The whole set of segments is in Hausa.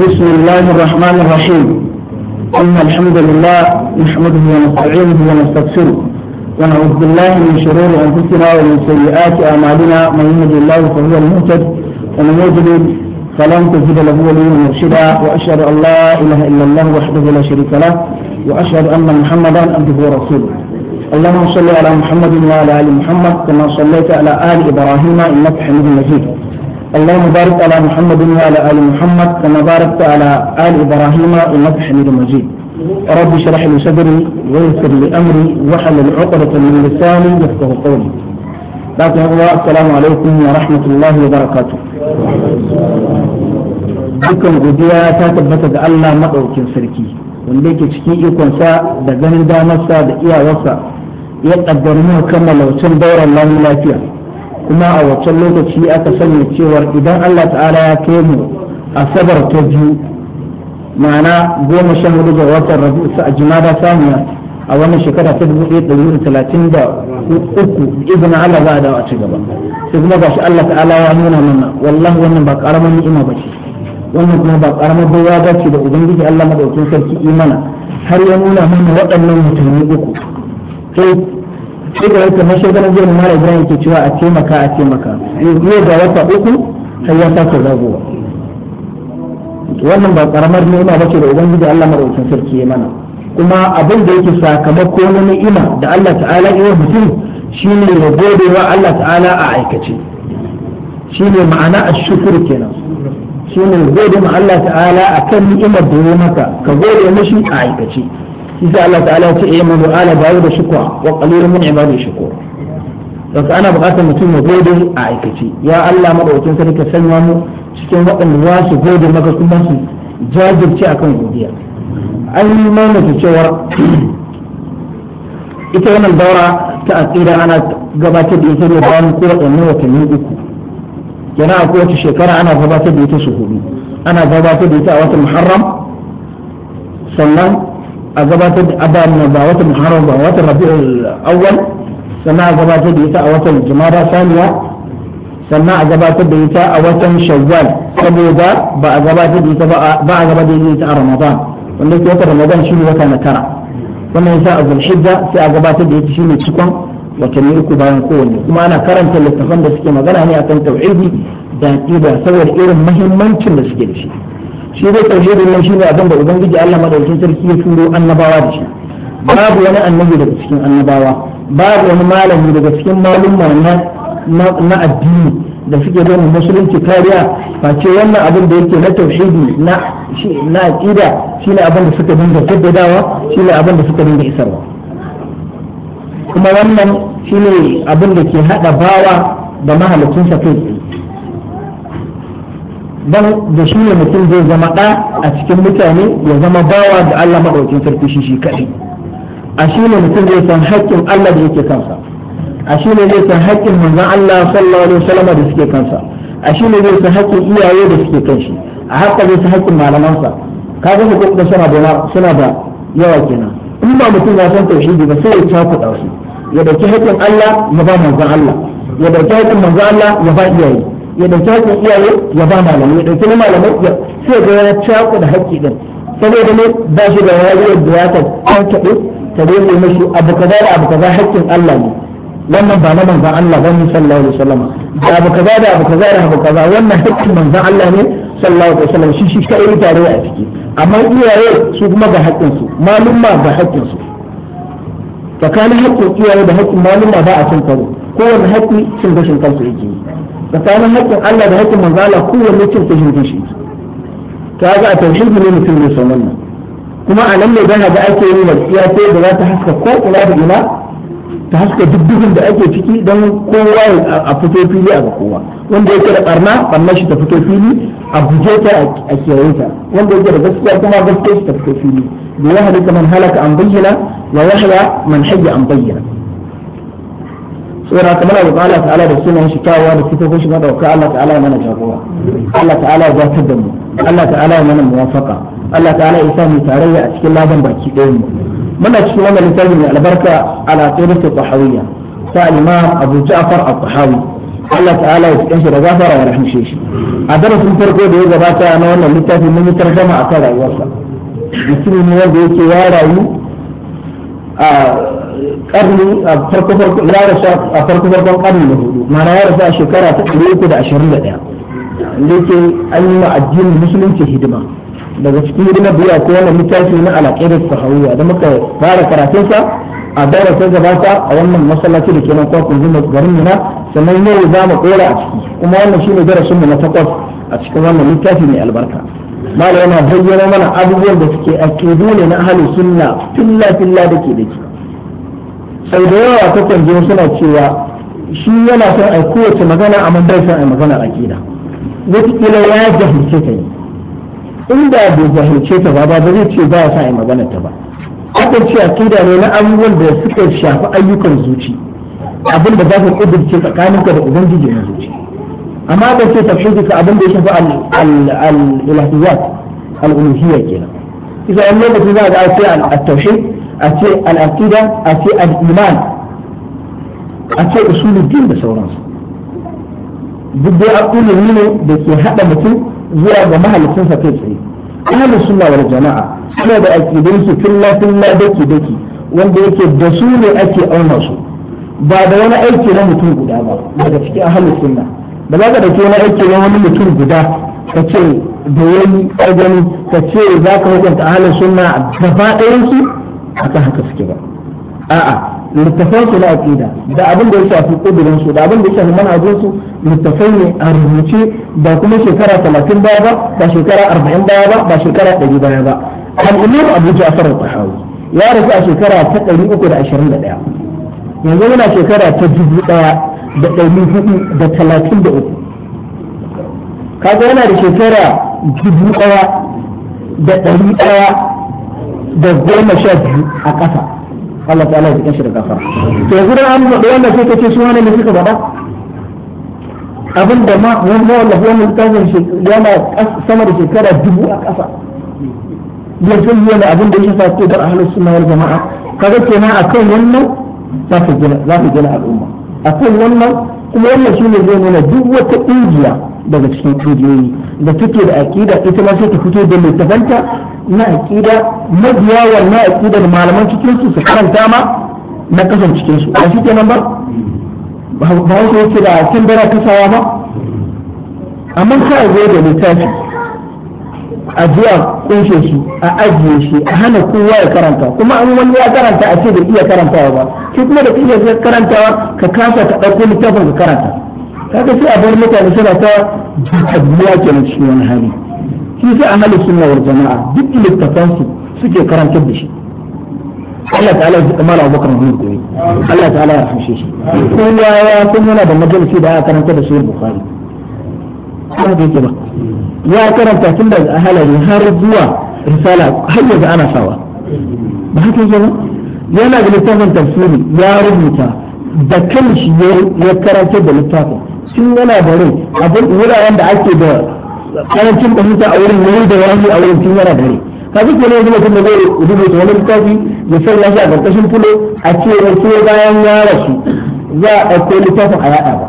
بسم الله الرحمن الرحيم إن الحمد لله نحمده ونستعينه ونستغفره ونعوذ بالله من شرور أنفسنا ومن سيئات أعمالنا من يهد الله فهو المهتد ومن يضلل فلن تجد له وليا مرشدا وأشهد أن لا إله إلا الله وحده لا شريك له وأشهد أن محمدا عبده ورسوله اللهم صل على محمد وعلى آل محمد كما صليت على آل إبراهيم إنك حميد مجيد اللهم بارك على محمد وعلى آل محمد كما باركت على آل إبراهيم إنك حميد مجيد رب اشرح لي صدري ويسر لي أمري واحلل عقدة من لساني يفقه قولي لكن السلام عليكم ورحمة الله وبركاته dukkan godiya ta tabbata ga Allah maɗaukin sarki wanda yake cikin ikonsa da ganin damarsa da iyawarsa ya ƙaddar mu kammala wancan dauran lafiya kuma a wancan lokaci aka sanya cewar idan Allah ta'ala ya kai mu asabar ta biyu ma'ana goma sha hudu ga watan rabi'u a jimada samiya a wannan shekara ta dubu ɗaya ɗari da talatin da uku izina Allah za a dawo a ci gaba sai kuma gashi Allah ta'ala ya nuna mana wallahi wannan ba karamar ni'ima ba ce wannan kuma ba karamar baiwa ba ce da ubangiji Allah madaukin sarki imana har ya nuna mana waɗannan mutane uku sai da wata mashagaran jirgin mara ibrahim ke cewa a taimaka a taimaka ne da wata uku har ya sake zagowa wannan ba karamar ni'ima ba ce da ubangiji allah maɗaukin sarki ya mana kuma abin da yake sakamako na ni'ima da allah ta'ala iya mutum shine ya gode wa allah ta'ala a aikace Shi ne ma'ana a shukur kenan shine gode ma allah ta'ala a kan ni'imar da ya maka ka gode mashi a aikace shi sai Allah ta'ala ya ce eh mu ala bayu da shukwa wa qalilun min ibadi shukur daga ana buƙatar mutum ya gode a aikace ya Allah madaukakin sarki ka sanya mu cikin waɗanda za su gode maka kuma su jajirce akan godiya an yi mamaki cewa ita wannan daura ta asira ana gabatar da ita ne bayan kowaɗanne watanni uku yana a kowace shekara ana gabatar da ita su hudu ana gabatar da ita a watan muharram sannan a gabatar da ababen ba watan muharram ba watan rabi'ul awwal sannan a gabatar da ita a watan jumada saniya sannan a gabatar da ita a watan shawwal saboda ba a gabatar da ita ba a gabatar da ita a ramadan wanda ke watan ramadan shi ne wata na tara wannan yasa a zulhijja sai a gabatar da ita shine cikon watanni uku bayan kowanne kuma ana karanta littafan da suke magana ne akan tauhidi da aqida saboda irin muhimmancin da suke da shi shi dai tauhidin nan ne abin da ubangiji Allah madaukakin sarki ya turo annabawa da shi babu wani annabi daga cikin annabawa babu wani malami daga cikin malumma na addini da suke zama musulunci kariya face wannan abin da yake na tauhidi na na aqida shine abin da suka dinga jaddadawa shine abin da suka dinga isarwa kuma wannan shine abin da ke hada bawa da mahalicinsa kai dan da shi ne mutum zai zama ɗa a cikin mutane ya zama bawa da Allah maɗaukin sarki shi shi kaɗai a shi ne mutum zai san haƙƙin Allah da yake kansa a shi ne zai san haƙƙin manzon Allah sallallahu alaihi wasallam da suke kansa a shi ne zai san haƙƙin iyaye da suke kan shi a haka zai san haƙƙin malamansa ka ga hukum da suna da suna da yawa kenan in ba mutum ya san tauhidi ba sai ya da su ya dauki haƙƙin Allah ya ba manzon Allah ya dauki haƙƙin manzon Allah ya ba iyaye ya dauki haƙƙin iyaye ya ba malamai ya dauki na malamai ya sai ga ya cako da haƙƙi din saboda ne ba shi da rayuwar da ya ta kankaɗe ta dole mashi abu kaza da abu kaza haƙƙin Allah ne wannan ba na manzan Allah bane sallallahu alaihi wasallam da abu kaza da abu kaza da abu kaza wannan haƙƙin manzan Allah ne sallallahu alaihi wasallam shi shi kai tare a ciki amma iyaye su kuma ga haƙƙin su malumma ga haƙƙin su tsakanin haƙƙin iyaye da haƙƙin malumma ba a cin karo kowane haƙƙi cin gashin kansu yake yi tsakanin hakkin Allah da haƙƙin manzo Allah kowanne cin tauhidin shi kaga a tauhidi ne mutum ne sanan nan kuma a nan ne dan haka ake yi wasiya ce da za ta haska ko ina da ina ta haska dukkan da ake ciki don kowa a fito fili a ga kowa wanda yake da barna barna shi ta fito fili a guje ta a kiyaye ta wanda yake da gaskiya kuma gaskiya shi ta fito fili da ya halitta man halaka an bayyana wa yahya man hayya an bayyana saboda haka muna roƙon Allah ta'ala da sunan shi kyawawa da sifofin shi madauka Allah ta'ala ya mana jagora Allah ta'ala ya zartar da mu Allah ta'ala ya mana muwafaqa Allah ta'ala ya sa mu tarayya a cikin laban baki ɗayan mu muna cikin wannan littafi mai albarka ala qidatul tahawiyya ta al-imam Abu Ja'far al-Tahawi Allah ta'ala ya cikin shi da gafara ya rahmshe shi a darasin farko da ya gabata na wannan littafi mun yi tarjama akan rayuwarsa mutum ne wanda yake ya rayu a karni a farko farko ya rasu a farko farkon karni na hudu ma'ana ya rasu a shekara ta ɗari da ashirin da ɗaya da yake ma musulunci hidima daga cikin hidimar biya ko wani littafi na alaƙirar sahawiyya da muka fara karatunsa a daura ta gabata a wannan masallaci da ke nan kwakwun zuma garin mina sannan yau za mu a ciki kuma wannan shine darasinmu na takwas a cikin wannan littafi mai albarka malam yana bayyana mana abubuwan da suke aƙidu ne na ahalin sunna filla filla da ke da ke sai da yawa ta kwanje suna cewa shi yana son a kowace magana amma bai son a magana a aqida wataƙila ya jahilce ta yi inda bai jahilce ta ba ba zai ce ba ya sa a magana ta ba akwai ce aqida ne na abubuwan da suka shafi ayyukan zuci abin da za ka kudurce tsakaninka da ubangiji na zuci amma ka ce tafsiri duka abin da ya shafi al-ilahiyyat al-uluhiyya kenan isa an lokacin za a ga sai al-tawhid a ce al'aqida a ce al'iman a ce usuluddin da sauransu duk dai ilimi ne da ke haɗa mutum zuwa ga mahalicinsa kai tsaye ahlus suna wani jama'a suna da aqidun su filla filla daki daki wanda yake da su ne ake auna su ba da wani aiki na mutum guda ba daga cikin ahlus suna. ba za ka dauki wani aiki na wani mutum guda ka ce da yayi ka gani ka ce za ka hukunta ahlus suna gaba ɗayan su akan haka suke ba a'a littafan su na aqida da abin da ya shafi kudurin su da abin da ya shafi manhajin su littafai ne a rubuce ba kuma shekara talatin baya ba ba shekara arba'in baya ba ba shekara ɗari baya ba al'umar abu ja'far al-tahawi ya rasu a shekara ta ɗari uku da ashirin da ɗaya yanzu yana shekara ta dubu ɗaya da ɗari hudu da talatin da uku kaga yana da shekara dubu ɗaya da ɗari ɗaya da goma sha biyu a ƙasa Allah ta'ala ya cikin shi da kafara to yanzu da an faɗi wannan sai kace su wani ne suka faɗa abin da ma wani wallahi wani littafin yana sama da shekara dubu a ƙasa ya san yana abin da ya shafa ko da ahlus sunna wal jama'a kaga kenan akan wannan za ka gina za gina al'umma akan wannan kuma wannan shine zai nuna duk wata injiya. daga cikin ƙungiyoyi da take da aƙida ita ma sai ta fito da littafanta na aƙida mabiya wannan aƙidar malaman cikin su su karanta ma na kasan cikin su ba shi kenan ba ba wasu yake da kin dara kasawa ba amma ka zo da littafi a zuwa kunshe shi a ajiye shi a hana kowa ya karanta kuma an wani ya karanta a ce da iya karantawa ba shi kuma da iya karantawa ka kasa ka ɗauko littafin ka karanta kaga sai a bar mutane suna ta ke kenan cikin wani hali shi sai ahli sunna wani jama'a duk littafan su suke karantar da shi Allah ta'ala ya kamala Abubakar Muhammad Gumi Allah ta'ala ya rahmshe shi kowa ya san yana da majalisi da aka karanta da Sahih Bukhari kuma da yake ba ya karanta tun daga ahalari har zuwa risala har yanzu ana sawa ba haka yake ba yana da littafin tafsiri ya rubuta da shi ya karanta da littafin sun yana da rai abin wuraren da ake da karancin fahimta a wurin wuri da wani a wurin sun yana da rai ka fi kenan yanzu mutum da zai rubuta wani littafi ya sanya shi a ƙarƙashin fulo a cewar ko bayan ya rasu za a ɗauko littafin a yaɗa ba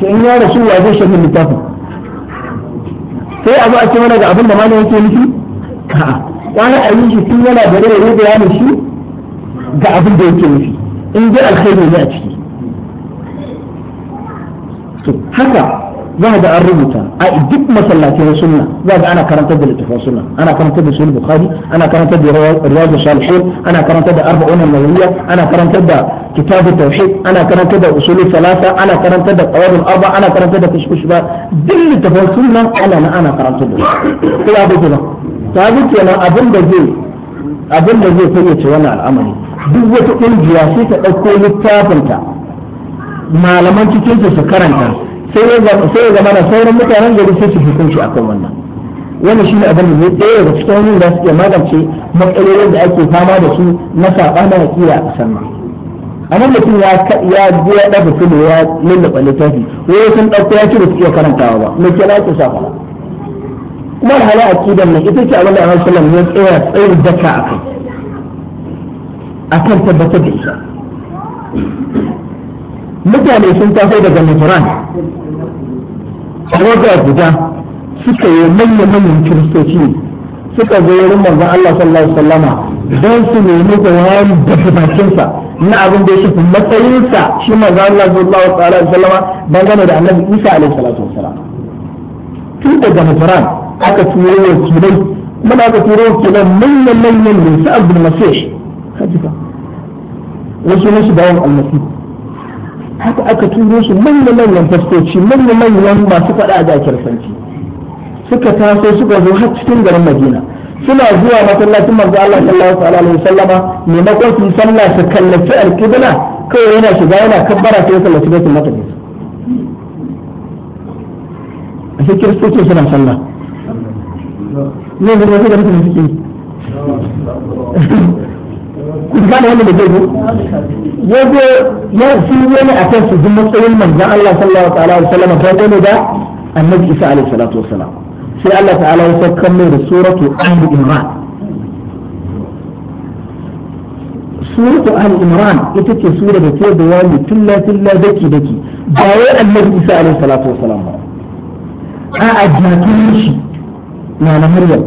to in ya rasu wa zai shafi littafin sai a zo a ce mana ga abin da malam yake nufi a'a wani a yi shi tun yana da rai da ya shi ga abin da yake nufi in ji alkhairi ne a ciki to haka za ga an rubuta a duk masallaci na sunna za ga ana karantar da littafin sunna ana karantar da sunan bukhari ana karantar da riyadu salihin ana karantar da arba'un an-nawawiyya ana karantar da kitabu tauhid ana karantar da usulul salasa ana karantar da qawaid arba ana karantar da kushkush ba duk littafin sunna ana na ana karantar da ko ya bude ba ta bi kenan abin da zai abin da zai fayyace wannan al'amari duk wata kungiya sai ta dauko littafinta malaman cikin su su karanta sai ya zama da sauran mutanen gari sai su hukunci akan wannan wannan shine abin da zai ɗaya daga cikin wani da suke magance matsalolin da ake fama da su na saɓana na kira a ƙasar nan a nan mutum ya ya biya ɗafa filo ya lullaɓa littafi wai sun ɗauko ya ce ba su iya karantawa ba me ke ke sa fara kuma alhala aqidan nan ita ce abin da Annabi sallam ya tsaya tsayin daka a akan tabbatar da isa mutane sun taso daga Najran a wata guda suka yi manya-manyan kiristoci suka zo wurin manzon Allah sallallahu alaihi wasallama don su nemi wani daga bakinsa na abin da ya shafi matsayinsa shi manzon Allah sallallahu alaihi wasallama dangane da Annabi Isa alaihi salatu wasallam tun daga Najran aka turo wakilai mana aka turo wakilai manyan-manyan ne su Abdul Masih kaji ba wasu nasu bayan Al-Masih haka aka turo su manya manyan fastoci manya manyan masu faɗa a jakar sarki suka taso suka zo har cikin garin madina suna zuwa masallacin manzo Allah sallallahu alaihi wasallama maimakon su sallah su kallaci alqibla kawai yana shiga yana kabbara sai kallaci bayan maqdis sai kiristoci suna sallah ne ne ne ne ne ne kun gane wannan da zai ya zo ya fi wani a kan su jin matsayin manzan Allah sallallahu alaihi wasallam ta gane da annabi Isa alaihi salatu wasallam sai Allah ta'ala ya saukar mai da suratu al-imran suratu al-imran ita ce sura da ke bayani tilla tilla daki daki ba wai annabi Isa alaihi salatu wasallam ba a'a jikin shi na na Maryam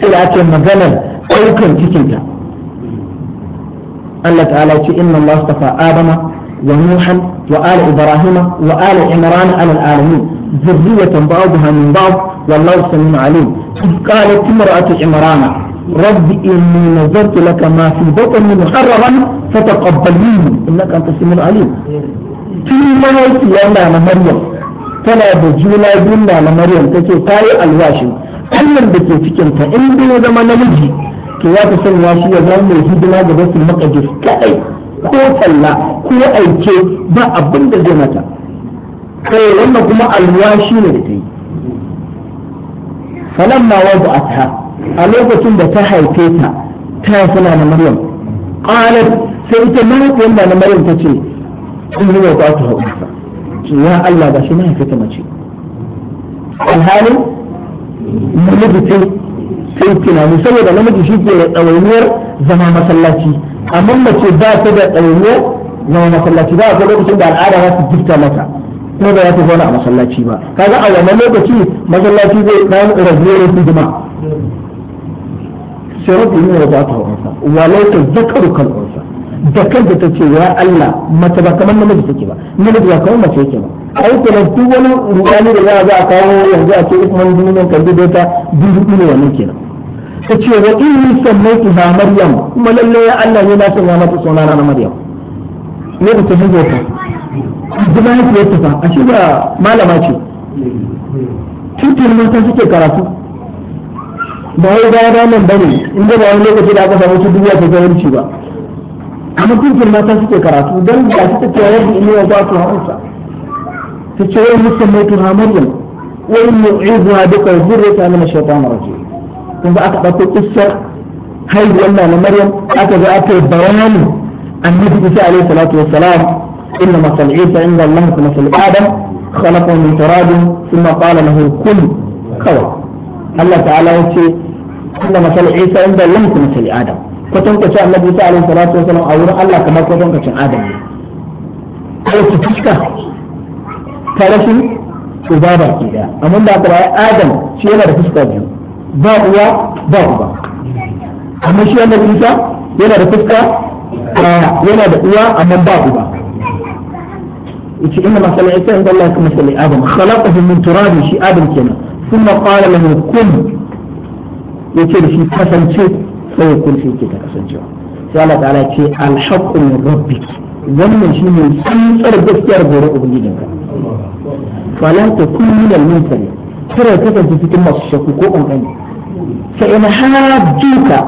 sai da ake maganar ɗaukar cikinta Allah ta'ala ce inna Allah astafa adama wa nuhan wa ala ibrahima wa ala imran ala alamin zurriyatan ba'daha min ba'd wallahu samiu alim qalat imra'atu na رب إني نذرت لك ما في بطني محررا فتقبل مني إنك أنت السميع العليم في مهيتي أنا مريم tana da juna biyu na maryam take ta yi alwashi wannan da ke cikinta in bai zama namiji to ya ta sanya shi ya zama mai hidima ga basul maqdis kadai ko talla ko aike ba abin da zai mata kai wannan kuma alwashi ne da ta yi falamma wada'atha a lokacin da ta haife ta ta suna na maryam qalat sai ita mahaifiyar da na maryam ta ce in yi wa ta haƙusa ya Allah ba shi mahaifiyar mace alhalin mulki sai tunani saboda namiji shi ke da ɗawainiyar zama masallaci amma mace ba ta da ɗawainiyar zama masallaci ba a lokacin da al'ada za su gifta mata ko ba za ta zauna a masallaci ba kaga a wannan lokaci masallaci zai ɗan rajiyar hidima sai rabbi ne wa za ta wansa walai ta zakaru kan wansa da kanta ta ce ya Allah mace ba kamar namiji take ba namiji ba kamar mace yake ba ai kuma duk wani rubani da za a kawo yanzu a ce ikman duniyan kan dubeta duk ne wannan kenan ta ce wa inni sammaituha maryam kuma lalle ya Allah ne na sanya mata suna na maryam ne da ta hijo ta zuba ya ce ta fa a shi ba malama ce tutur mata suke karatu ba wai ga ranan bane inda ba wani lokaci da aka samu su duniya ta zalunci ba amma tutur mata suke karatu dan ga su ta ce yadda inni wa ba su hausa ta ce wa inni sammaituha maryam wa inni u'izuha bika wa dhurriyyataha min ash-shaytanir rajim kun aka ɗauko kissar haihuwar na maryam aka ga aka yi bayani annabi isa alaihi salatu wassalam inna masal isa inda allah kuma masal adam khalaqa min turabin thumma qala lahu kun kawai allah ta'ala ya ce inna masal isa inda allah kuma masal adam kwatankwacin annabi isa alaihi salatu wassalam a wurin allah kamar kwatankwacin adam ne aiki fuska ta rashin uba baki daya amma da aka adam shi yana da fuska biyu ba uwa ba uba amma shi annabi Isa yana da fuska yana da uwa amma ba uba yace inna masal Isa inda Allah kuma sai Adam khalaqahu min turab shi Adam kenan ثم قال له كن yace da shi kasance sai ya kunce yake ta kasancewa sai Allah ta'ala ce alhaqqu min rabbik wannan shine tsantsar gaskiyar gore ubangijinka falan takun min al-mumtari kar ya kasance cikin masu shakku ko kankani fa in ka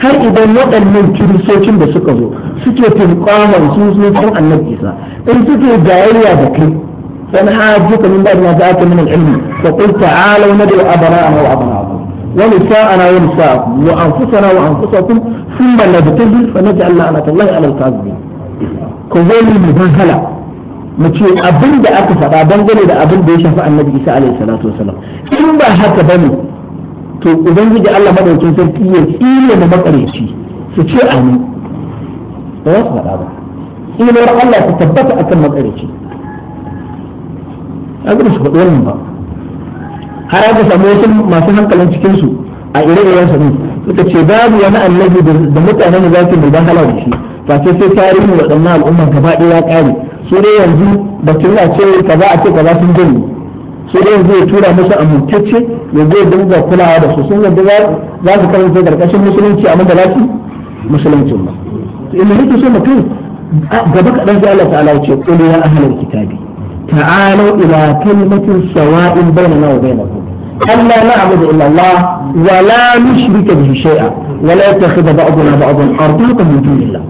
har idan waɗannan kirisocin da suka zo suke tilkamar su sun annabi isa in suke jayayya da kai fa in hajjuka min ba'd ma ja'aka min ilmi fa qul ta'alu nad'u abara'ana wa abara'akum ونساءنا ونساءكم وانفسنا وانفسكم ثم نبتهل فنجعل لعنه الله على الكاذبين كذلك مبهله mu ce abin da aka faɗa dangane da abin da ya shafi annabi isa alaihi salatu wasalam in ba haka ba ne to ubangiji allah madaukin sarki ya tsire da makareci su ce ni, ba za su faɗa ba tsirar allah ta tabbata kan makareci a gina su faɗi wannan ba har aka samu wasu masu hankalin cikinsu a ire-iren sa ne suka ce babu wani annabi da mutanen da za su yi halar da shi face sai tarihin waɗannan al'umman gaba ɗaya ya ƙare su dai yanzu ba su yana ce kaza a ce kaza sun gani su dai yanzu ya tura musu amintacce ya zai dinga kulawa da su sun yadda za su karanta karkashin musulunci amma da za su musulunci ba inda nake so mutum gaba kaɗan sai Allah ta'ala ya ce qul ya ahlal kitabi ta'alu ila kalimatin sawa'in bainana wa bainakum ألا نعبد إلا الله ولا نشرك به شيئا ولا يتخذ بعضنا بعضا أرضاكم من دون الله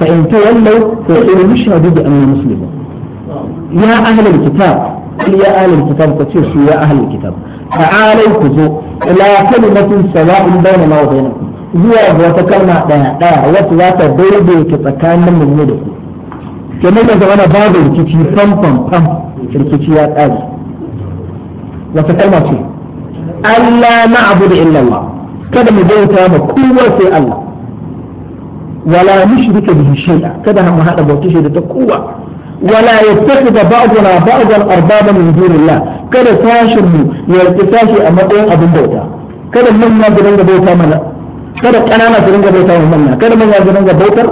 فإن تولوا فقولوا نشهد بأننا مسلمون يا أهل الكتاب قل يا أهل الكتاب كتير يا أهل الكتاب تعالوا كذو إلى كلمة سواء بيننا وبينكم zuwa ga wata kalma ɗaya ɗaya wata za ta daidaita tsakanin mu da ku kenan da zamana babu rikici fam fam fam rikici ya ƙare wata kalma ce Allah ma'budu illallah kada mu bauta ma kuwa sai Allah wala nushrika bihi shay'a kada mu hada bauta shi da ta kowa wala yattakhidha ba'duna ba'dan arbaba min dunillah kada tashin ya tashi a matsayin abin bauta kada manya su dinga bauta mana kada kanana su dinga bauta wa kada manya su dinga bautar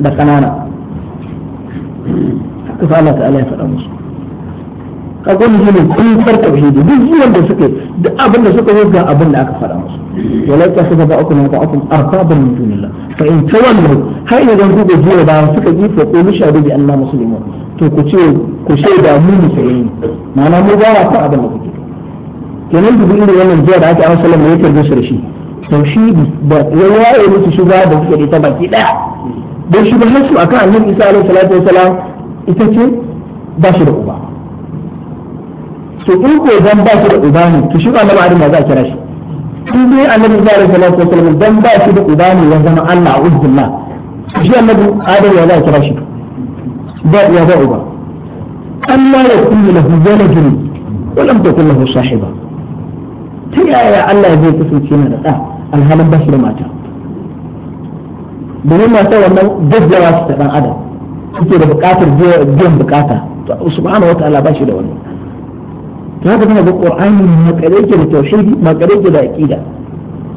da kanana haka fa Allah ta'ala ya faɗa musu kaga wani shine kun farka tauhidi da suka yi abin da aka faɗa musu ولا تحسب بعضكم بعضا أربابا من دون الله فإن تولوا هاي إذا نقول جيل بعض سكة فقولوا شهدوا بأننا مسلمون to ku ce ku shaida mu musulmi mana mu ba wa abin da ke, kenan duk inda wannan jiya da aka an sallama da tarbe su da shi tauhidi da ya waye musu shuga da kuke da ta baki daya dan shugaban su akan annabi Isa alaihi salatu wasalam ita ce ba shi da uba to in ko dan ba shi da uba ne to shugaban da ma'adin za a kira shi shi dai annabi sallallahu alaihi wasallam dan ba shi da uba ne ya zama Allah uzzullah shi annabi adam ya za a kira shi ba ya ba uba Allah ya kullu lahu waladun wa lam takul lahu sahiba ta yaya Allah zai kasance na da ɗa alhalin ba shi da mata domin mata wannan gaggawa su ta ɗan adam suke da buƙatar biyan buƙata subhanahu wa ta'ala ba shi da wannan to haka kana ga qur'ani ma ke da tauhidi ma ke da aqida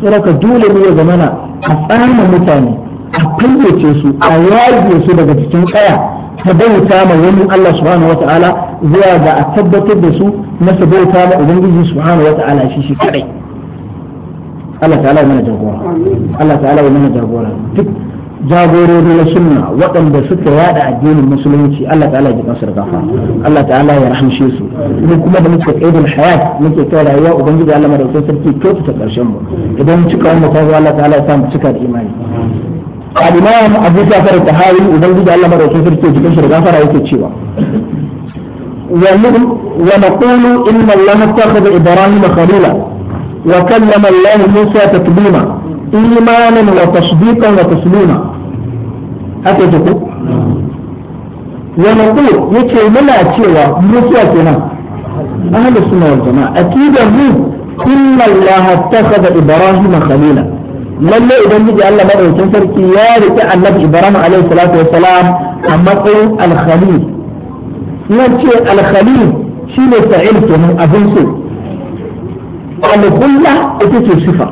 saboda dole ne ya zamana a tsama mutane a fayyace su a yaje su daga cikin kaya ta bauta ma wani Allah subhanahu wataala zuwa ga a tabbatar da su na su bauta ma ubangiji subhanahu wataala shi shi kadai Allah ta'ala ya mana jagora Allah ta'ala ya mana jagora duk jagorori na sunna waɗanda suka yada addinin musulunci Allah ta'ala ya jikansu da gafa Allah ta'ala ya rahamshe su mu kuma da muke qaidul hayat muke kai rayuwa ubangiji Allah madaukakin sarki kyautata karshen mu idan cika wannan ta Allah ta'ala ya samu cika da imani al-imam Abu Ja'far al-Tahawi ubangiji Allah madaukakin sarki ya jikansu da gafara yake cewa ونقول إن الله اتخذ إبراهيم خليلا وكلم الله موسى تكليما إيمانا وتصديقا وتسليما haka yake ko wani ko yake muna cewa musuwa kenan ahlu sunna wal jama'a akidan mu inna allaha takhadha ibrahima khalila lalle idan miji Allah madaukin sarki ya rike annabi ibrahim alaihi salatu a matsayin al-khalil nan ce al-khalil shine fa'il kenan abin so al-khulla ita ce sifa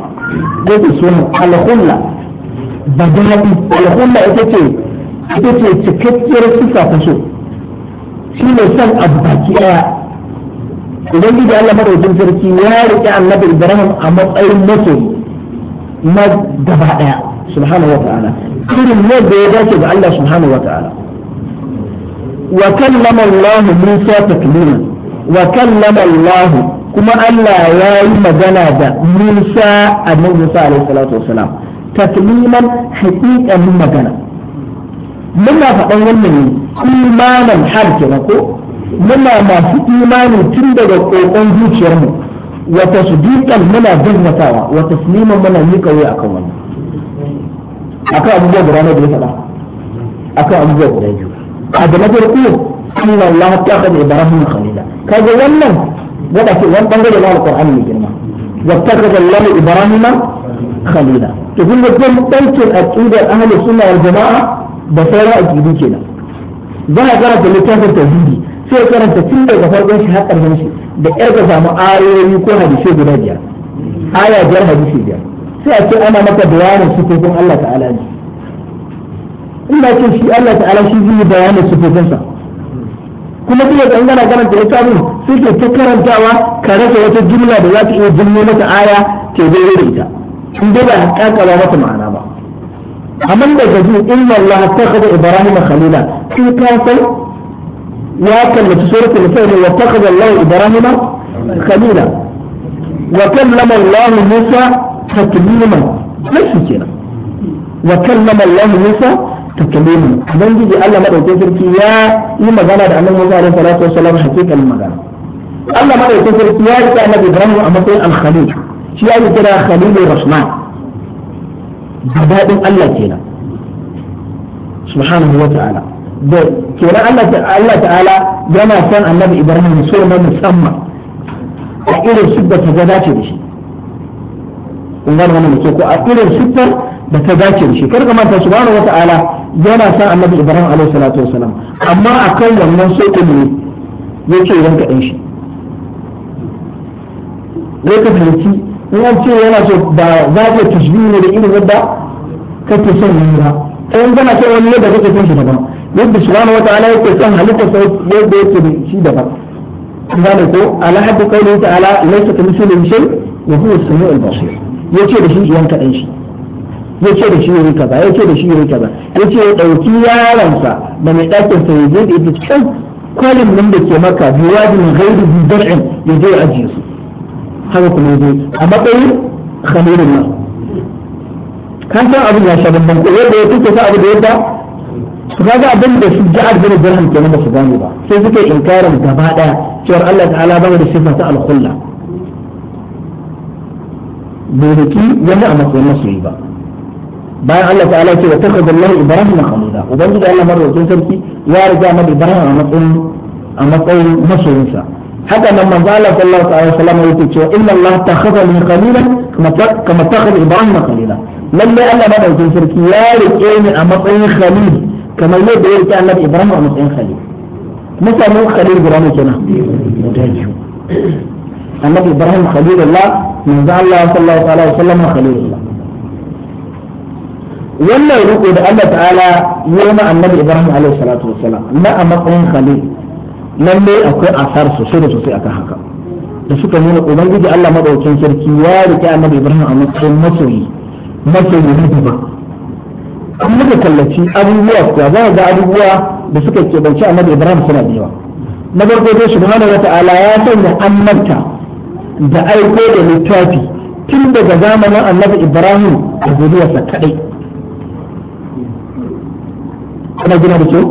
ko ce sunan al-khulla da daɗi alhulla ita ce ita ce cikakkiyar sifa ta so shi ne son abu baki ɗaya ubangiji Allah madaukin sarki ya riƙe annabi Ibrahim a matsayin mace na gaba ɗaya subhanahu wa ta'ala irin ne da ya dace ga Allah subhanahu wa ta'ala wa kallama Allah Musa taklima wa kallama Allah kuma Allah ya yi magana da Musa annabi Musa alaihi salatu wasalam takliman haƙiƙanin magana muna faɗan wannan imanin har kenan ko muna masu imani tun daga ƙoƙon zuciyarmu wa tasdiqan muna gazzatawa wa tasliman muna mika wuya akan wannan akan abubuwa guda na da ya faɗa akan abubuwa guda biyu a da na farko inna allaha ta'ala ibrahim khalila kaga wannan wanda ke wani bangare na alqur'ani mai girma wata wa ta'ala ibrahim khalila to kun ga bambancin aqidar ahli sunna wal jamaa da sauran aqidu kenan za a karanta littafin tauhidi sai karanta tun daga farkon shi har ƙarshen shi da ƴar ka samu ayoyi ko hadisi guda biyar aya biyar hadisi biyar sai a ce ana maka bayanin sifofin Allah ta'ala ne ina ce shi Allah ta'ala shi zai bayanin sifofinsa kuma duk da kana karanta littafin sai ke ta karantawa ka rasa wata jumla da za ta iya jimmo mata aya ke daidai da ita in dai ba kakala masa ma'ana ba amma da gaji inna Allah takhadha Ibrahim khalila in ka san ya kallaci suratul fa'il wa takhadha Allah Ibrahim khalila wa kallama Allah Musa taklima nashi kenan wa kallama Allah Musa taklima ubangiji Allah madaukakin sarki ya yi magana da Annabi Musa alaihi salatu wassalam hakikan magana Allah madaukakin sarki ya yi annabi Ibrahim a matsayin al-khalil shi ya kira khalilur rahman daɗin Allah kenan subhanahu wa ta'ala da kenan Allah ta'ala yana son annabi Ibrahim so na musamman a irin sibba ta ga dace da shi kun gane wannan ke ko a irin sibbar da ta dace da shi kar ka manta subhanahu wa ta'ala yana son annabi Ibrahim alaihi salatu wasalam amma akan wannan sai ne yake yanka ɗan shi zai ka fahimci in an ce yana so ba za ka tashbihi ne da irin yadda kake son yi ba ko in kana son wani yadda kake son shi daban yadda subhanahu wataala yake son halitta sai yadda yake da shi daban gane ko ala hadda qawli ta'ala laysa kamithlihi shay wa huwa as-sami'ul basir yace da shi iyan kadan shi yace da shi yayi kaza yace da shi yayi kaza yace ya dauki yaransa da mai dakin sa yaje da ita cikin kwalin nan da ke maka biwadin ghairu bidar'in yaje ya ajiye su haka kuma yi a matsayin khamirin nan kan san abin ya sha bambam yadda ya tuke sa abu da yadda su kaga abin da su ja'ar bin jirhan kenan ba su gane ba sai suke inkarin gaba daya cewar Allah ta'ala ba da sifa ta al-khulla bai da ki wani a matsayin masoyi ba bayan Allah ta'ala ce wa takhaddallahu ibrahim khalila ubangiji Allah marwakin sarki ya riga mada ibrahim a matsayin a matsayin masoyinsa حتى لما قال صلى الله عليه وسلم إن الله اتخذني قليلا كما اتخذ إبراهيم قليلا لما أنا ما بقيت شركي يا ريتني أمطين خليل كما يبدو أن كان إبراهيم أمطين خليل متى مو خليل إبراهيم كنا أن إبراهيم خليل الله من قال الله صلى الله عليه وسلم خليل الله ولا يقول أن تعالى يوم أن إبراهيم عليه الصلاة والسلام لا أمطين خليل lallai akwai asar sosai da sosai akan haka da suka nuna ubangiji Allah madaukakin sarki ya rike annabi Ibrahim a matsayin masoyi masoyi na daban kuma muka kallaci abubuwa kuwa za ga abubuwa da suka kebanci annabi Ibrahim suna da yawa na farko dai subhanahu wata'ala ya sanya annabta da aiko da littafi tun daga zamanin annabi Ibrahim a zuriyarsa kadai kana gina da kyau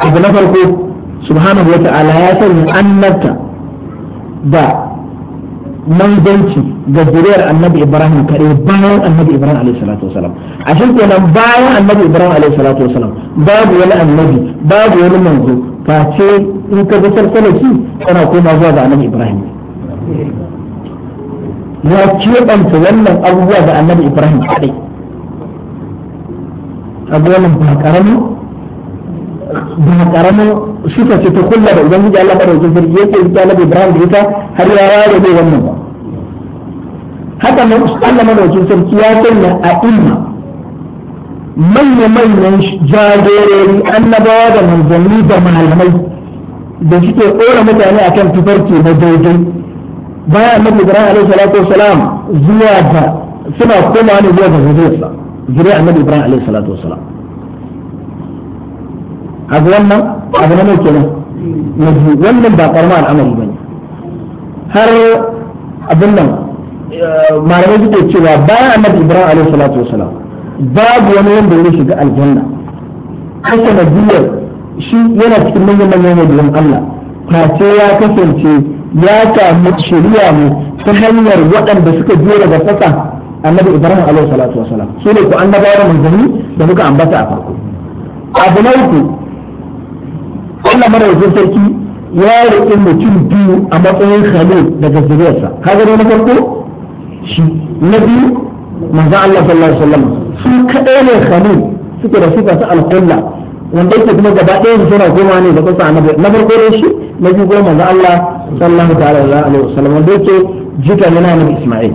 abu na farko subhanahu wa ta'ala ya sanya annabta da manzanci ga zuriyar annabi ibrahim kare bayan annabi ibrahim alaihi salatu wasalam a shi kenan bayan annabi ibrahim alaihi salatu wasalam babu wani annabi babu wani manzo face in ka ga sarsalaki kana koma zuwa ga annabi ibrahim ya keɓanta wannan abubuwa ga annabi ibrahim kaɗai abu wannan ba ƙaramin ba karamin suka ce ta kulla da idan Allah madaukakin sarki yake ita Allah Ibrahim da ita har ya ware bai wannan ba haka nan Allah madaukakin sarki ya sanya a ilma manya-manyan jagorori annabawa da manzanni da malamai da suke ɗora mutane akan tufarki na daidai bayan annabi Ibrahim alaihi salatu wasalam zuwa ga suna komawa ne zuwa ga zuriyarsa zuriyar annabi Ibrahim alaihi salatu wasalam abu wannan abu na mai kenan yanzu wannan ba karama al'amari ba ne har abin nan malamai suke cewa bayan annabi ibrahim alaihi salatu wasalam babu wani wanda ya shiga aljanna kasa na biyar shi yana cikin manyan manyan wajen Allah face ya kasance ya samu shari'a ne ta hanyar waɗanda suka biyo daga fasa annabi ibrahim alaihi salatu wasalam su ne ku annabawa manzanni da muka ambata a farko abu na uku mara yanzu sarki ya riƙe mutum biyu a matsayin khalil daga zuriyarsa ka gani na farko shi na biyu manzo Allah sallallahu alaihi wasallam su kadai ne khalil suke da sifa ta alqulla wanda yake kuma gaba ɗaya suna goma ne da kusa annabi na farko ne shi na biyu goma manzo Allah sallallahu alaihi wasallam wanda yake jika ne na Isma'il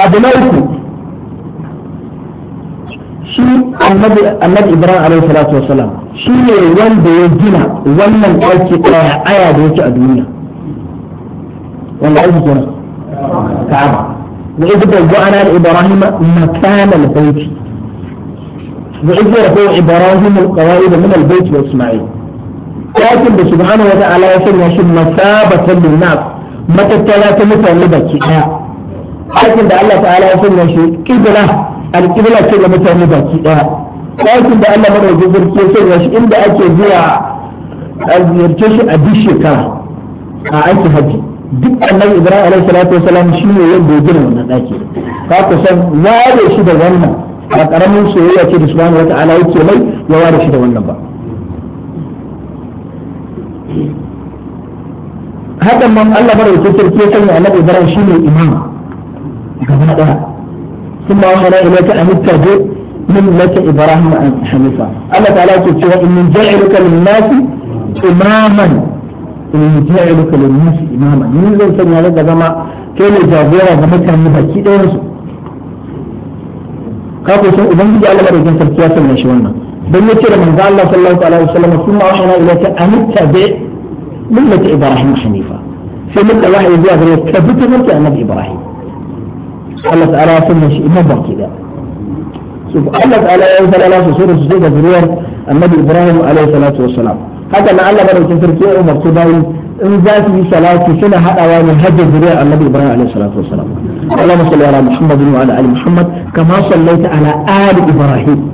abu na uku shi annabi ibrahim alaihi salatu wasalam shi ne wanda ya gina wannan ɗauki ɗaya aya da yake a duniya wanda aiki kenan ka'aba wa idh bawwa'na li ibrahim makana al-bayt wa idh yarfa'u ibrahim al-qawa'id min al-bayt wa isma'il lakin da subhanahu wa ta'ala ya sanya shi masabatan lin-nas matattara ta mutane baki ɗaya lakin da Allah ta'ala ya sanya shi qibla alƙibla ce ga mutane baki ɗaya ɗakin da Allah madaukakin sarki ya sanya shi inda ake zuwa a ziyarce shi a duk shekara a aiki haji duk annabi Ibrahim alaihi salatu wasalam shi ne yadda ya gina wannan ɗaki ka kusan ware shi da wannan ba karamin soyayya ce da subhanahu wata'ala yake mai ya ware shi da wannan ba hakan man Allah madaukakin sarki ya sanya annabi Ibrahim shi ne imam gaba ɗaya ثم أخذ إليك أن التهجير من ملك إبراهيم حنيفة الله تعالى تبتوى إن جعلك للناس إماما إن جعلك للناس إماما من ذلك سنة لك كما كان جابيرا ومكا مبكي دونسو قابل سنة إذن بجي الله مرة جنسة الكياسة من أشوالنا بل يترى من ذا الله صلى الله عليه وسلم ثم أخذ إليك أن التهجير من ملك إبراهيم حنيفة في ملك الله يبيع ذلك كبتة ملك إبراهيم قالت على ثم شيء ما كذا شوف قالت على يوم ثلاثة سورة سجدة في النبي إبراهيم عليه الصلاة والسلام هذا ما علم أنه تفركي عمر تباوي إن ذات في صلاة سنة هذا وانا هجد النبي إبراهيم عليه الصلاة والسلام اللهم صل على محمد وعلى آل محمد كما صليت على آل إبراهيم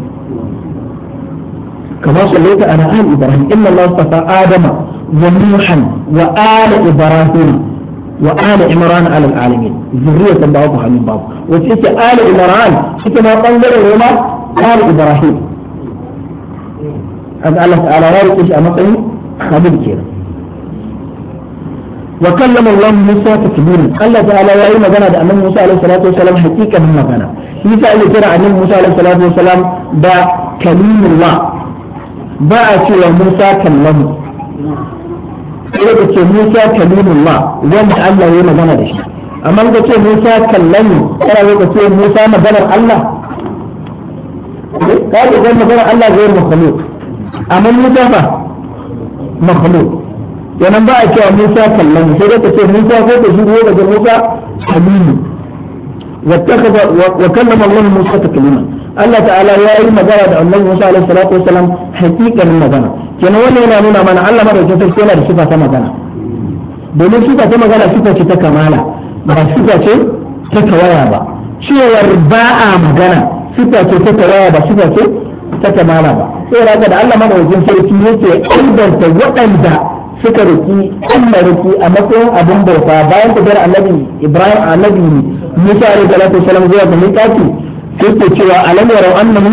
كما صليت على آل إبراهيم إن الله اصطفى آدم ونوحا وآل إبراهيم wa ala imran ala alamin zuriya san babu hannun babu wace yake ala imran suke ma bangaren roma ala ibrahim an Allah ta'ala ya a matsayin khadir kenan wa kallama Allah Musa takbirin Allah ta'ala ya yi magana da annabi Musa alaihi salatu wasalam haqiqatan magana shi yasa ake kira annabi Musa alaihi salatu da kalimullah ba a cewa Musa kallamu sai ka ce Musa kalimullah wanda Allah ya magana da shi amma ka ce Musa kallani kana ka ce Musa maganar Allah eh, ka ce maganar Allah zai makhluq amma Musa fa makhluq yanan ba a cewa Musa kallami sai ka ce Musa ko ka shiru daga Musa kalimi واتخذ وكلم الله موسى تكليما الله تعالى يا اي مجرد ان موسى عليه الصلاه والسلام حقيقه من kenan wannan yana nuna mana Allah madaukakin sarki yana da sifa ta magana domin sifa ta magana sifa ce ta kamala ba sifa ce ta tawaya ba cewar ba a magana sifa ce ta tawaya ba sifa ce ta kamala ba sai raga da Allah madaukakin sarki yake aibanta waɗanda suka riki Allah riki a matsayin abin bauta bayan tafiyar annabi Ibrahim annabi Musa alaihi salatu wasalam zuwa ga mutaki sai ke cewa alam yarau annahu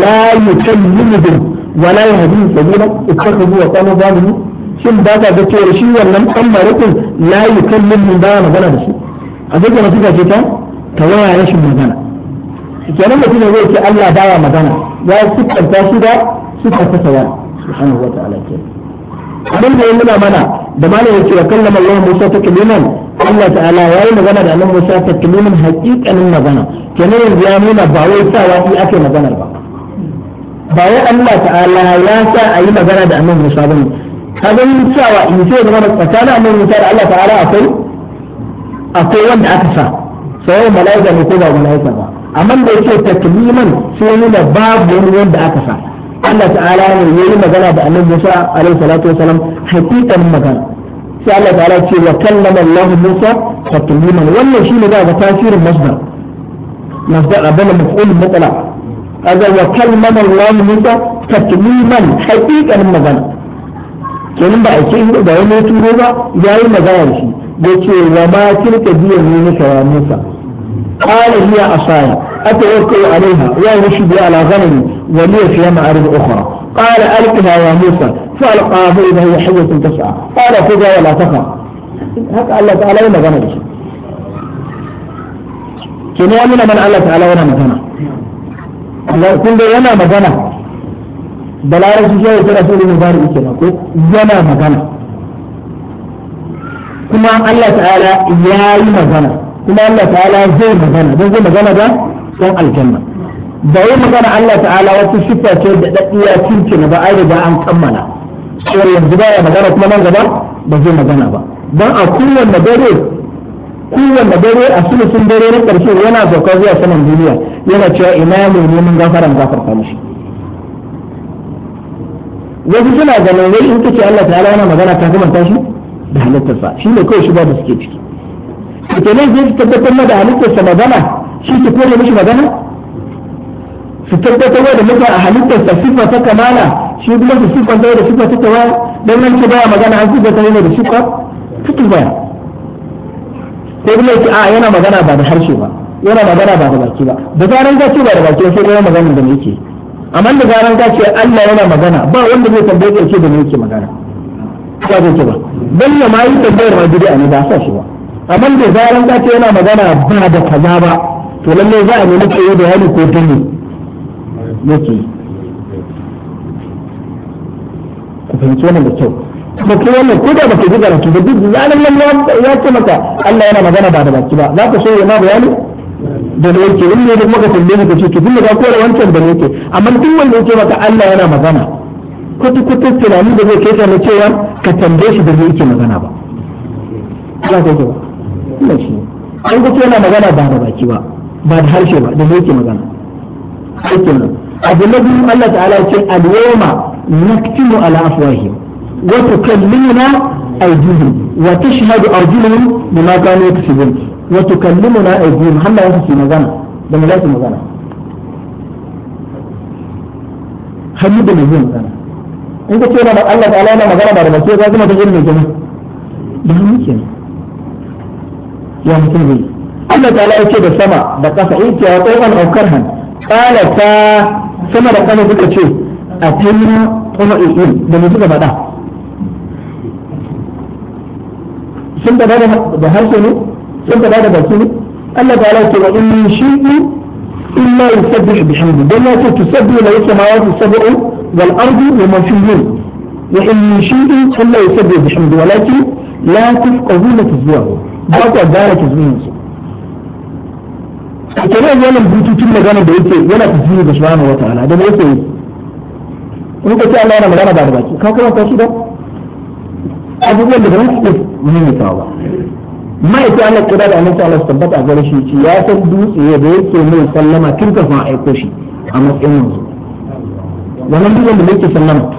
la yukallimuhum wala ya hadu sabila ittakhadhu wa qalu zalimin shin ba ka ga cewa shi wannan dan marakin la yukallimu ba magana da shi a ga kuma suka ce ta tawaya rashin magana kenan mutum ne zai ce Allah baya magana ya siffanta shi da ta tawaya subhanahu wataala ta'ala abin da ya nuna mana da malam yake wa kallama Allah Musa ta kaliman Allah ta'ala yi magana da Allah Musa ta kaliman haƙiƙanin magana kenan yanzu ya nuna ba wai sa yi ake magana ba ba wai Allah ta'ala ya sa a yi magana da annabi Musa bane ka ga yin cewa in ce zama da tsakanin annabi Musa da Allah ta'ala akwai akwai wanda aka sa sai malaika ne ko ba malaika ba amma da yake takliman sai nuna babu wani wanda aka sa Allah ta'ala ne ya yi magana da annabi Musa alaihi salatu wasalam hakikan magana sai Allah ta'ala ce wa kallama Allah Musa takliman wannan shine da ga tasirin masdar masdar abana maf'ul mutlaq هذا وكلمنا الله موسى تكليما حقيقة المغنى كلمة بأسيه دعوه ميتوه با جاي مغنى لشي بيكي وما تلك دي أمينك يا موسى قال هي عصايا أتوكل عليها يا ويرشد على غنمي ولي فيها معارض أخرى قال ألقها يا موسى فالقى إذا هي حية تسعى قال فجأة ولا تخا هكا الله تعالى مغنى لشي كنوامنا من الله تعالى ونا مغنى Allah kun dai yana magana da larabci ya yi kira sai ne bari yake ko yana magana kuma Allah ta'ala ya yi magana kuma Allah ta'ala zai magana don zai magana da son aljanna da yi magana Allah ta'ala wata shifta ce da daddiya cincin ba ai ba an kammala sai yanzu ba ya magana kuma nan gaba ba zai magana ba don a na dare kowanne dare a sulusun dare na ƙarshe yana sauka zuwa saman duniya yana cewa ina ne neman gafaran gafarta mishi wasu suna ganin wai in kace Allah ta'ala yana magana ta kuma tashi da halittarsa shi ne kawai shi ba da suke ciki ita ne zai tabbatar da halittarsa magana shi ta kore mishi magana su tabbatar da muka a halittarsa sifa ta kamala shi kuma su sifa da sifa ta tawaya dan nan ce baya magana an sifa ta ne da sifa ta tawaya ko kuma yake a yana magana ba da harshe ba yana magana ba da baki ba da zaran ka ce ba da baki sai kuma magana da yake amma da zaran ka ce Allah yana magana ba wanda zai tambaye ka ce da me yake magana ba zai ce ba dan ya mai tambayar ma bid'a ne ba sa shi ba amma da zaran ka ce yana magana ba da kaza ba to lalle za a nemi koyo da hali ko dani yake ku fahimci wannan da kyau ba ko wannan ko da baka buga karatu ba duk zalim nan ya ce maka Allah yana magana ba da baki ba za ka so ya ma bayani da da yake in ne da maka tambaye ka ce ki dinga ka kore wancan da yake amma duk wanda yake maka Allah yana magana kwata kwata tunani da zai kai ka na cewa ka tambaye shi da zai yake magana ba za ka ce ba Allah shi an ga yana magana ba da baki ba ba da harshe ba da zai yake magana aikin nan abu na biyu Allah ta'ala ce al-yawma naktimu ala afwahihim وتكلمنا أيديهم وتشهد أرجلهم بما كانوا يكسبون وتكلمنا أيديهم هل لا يفسي مزانا بل لا يفسي مزانا هل يبقى مزانا مزانا تقول كنا الله تعالى أنا مزانا بعد ما كنا لازم أتغير من جميع ده ممكن يا مكين الله تعالى يكي السماء بقى سعيد يا طيبا أو كرها قالتا تا سما بقى نبقى أتينا طمع الإيم ده مزيد بعدها sun da da harshe ne sun da da baki ne Allah ta alaƙa wa in min shi'i illa yusabbihu bihamdi dan ya ce tusabbihu lahu samawati sab'u wal ardu wa ma fihin wa in min shi'i illa yusabbihu bihamdi walakin la tafqahuna tasbihahu ba ku gara tasbihin su a kare wannan bututun magana da yake yana tasbihu ga subhanahu wa ta'ala dan yake in ka ce Allah yana magana ba da baki ka kuma ka shi da abubuwan da ba su maimaita ba ma'aikin Allah kira da annabi Allah tabbata a gare shi ya san dutse da yake mai sallama tun kafin a aiko shi a matsayin yanzu wannan dutsen da yake sallama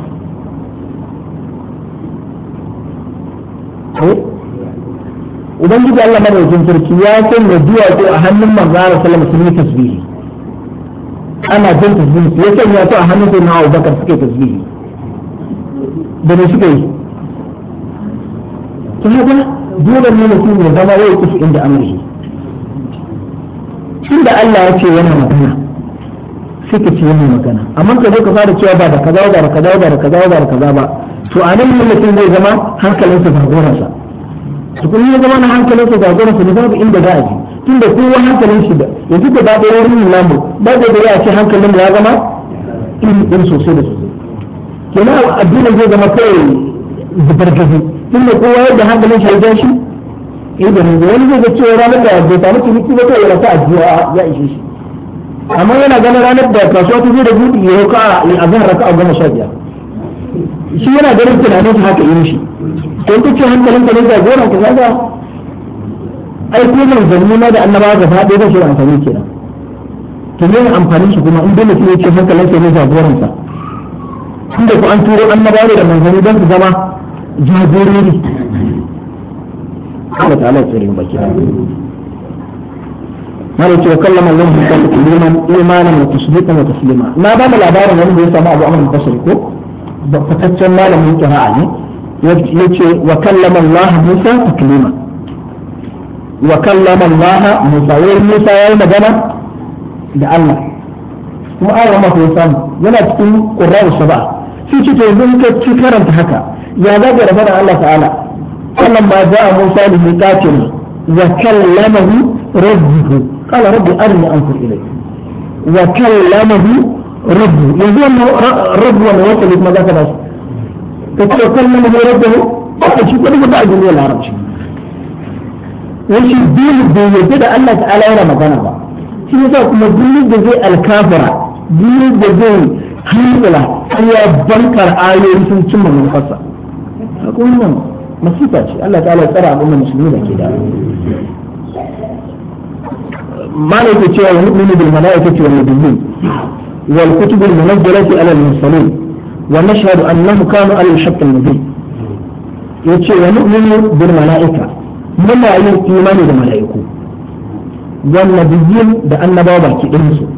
ubangiji Allah madaukakin sarki ya san da duwatsu a hannun manzo Allah sallama sun yi tasbihi ana jin tasbihi ya sanya to a hannun sai na Abubakar suke tasbihi da ne suke yi kaga dole ne mutum ya zama yau kusa inda amurhi tunda Allah ya ce yana magana sai ka ce yana magana amma ka zo ka fara cewa ba da kaza ba da kaza ba da kaza ba da kaza ba to a nan ne mutum zai zama hankalinsa jagoransa to kun ya zama na hankalinsa jagoransa ne babu inda za a ji tunda kowa hankalin shi da yanzu da ba da wurin namu ba da da ya ce hankalin ya zama in sosai da sosai kenan addinin zai zama kai zubar gazi tun da kowa yadda hankalin shi ya shi idan eh, wani zai ga cewa ranar da bai samu ciniki ba kai rasa addu'a ya ishe shi amma yana ganin ranar da kasuwa ta zai da buɗi ya hauka a zan raka a goma sha biyar shi yana ganin tunanin su haka yi shi don ta ce hankalin ka ne ga gora ka zaga ai ko manzanni na da annaba ga faɗi ba shi da amfani kenan to me amfanin shi kuma in dole ya ce hankalin ka ne jagoransa tunda ku an turo annabawa da manzanni don su zama جابرين قالت على سوري مبكرا مالك وكلم الله تعالى ايمانا وتصديقا وتسليما ما دام الابار لم يسمع ابو عمر البصري كو فتتشن ما لم ينتهى عليه يجي وكلم الله موسى تكليما وكلم الله موسى وين موسى يا المدنة لأله وآية ما هو يسمى ولا تكون قراء السبعة في شيء يقول لك في كرم تحكى ya za ka rabu da Allah ta'ala Allah ma ja'a Musa li miqatin wa kallamahu rabbuhu qala rabbi arini anzur ilayk wa kallamahu rabbu yanzu wannan rabbu wannan wata ne kuma za ka ba shi ka ce kallamahu rabbuhu ka shi kudi ba a duniyar larabci wasu dole bai yadda da Allah ta'ala yana magana ba shi yasa kuma duk da zai alkafara duk da zai hankula sai ya bankar ayoyi sun cimma manufarsa haka wannan masifa ce Allah ta'ala tsara abin da musulmi da ke da مالك يقول نؤمن بالملائكة والنبيين والكتب المنزلة على المرسلين ونشهد أنهم كانوا على الحق المبين يقول ونؤمن بالملائكة مما يقول إيمان بالملائكة والنبيين بأن بابا كئنسوا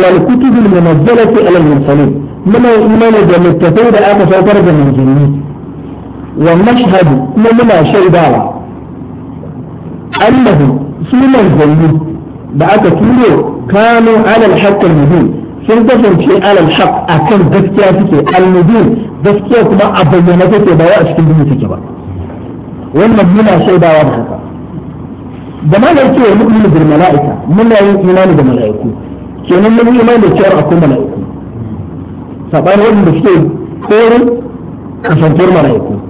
والكتب المنزلة على المرسلين مما يقول إيمان بالمتفيد آخر من بالمنزلين wa mashhadu kuma muna shaidawa annahu su manzanni da aka turo kanu alal haqqil mubin sun kasance alal haqq akan gaskiya suke al gaskiya kuma a bayyana take ba a cikin duhu take ba wannan muna shaidawa da haka da malar cewa mu'minu bil mala'ika muna yin imani da mala'iku kenan mun yi imani da cewa akwai mala'iku sabanin wanda suke korin kasantuwar mala'iku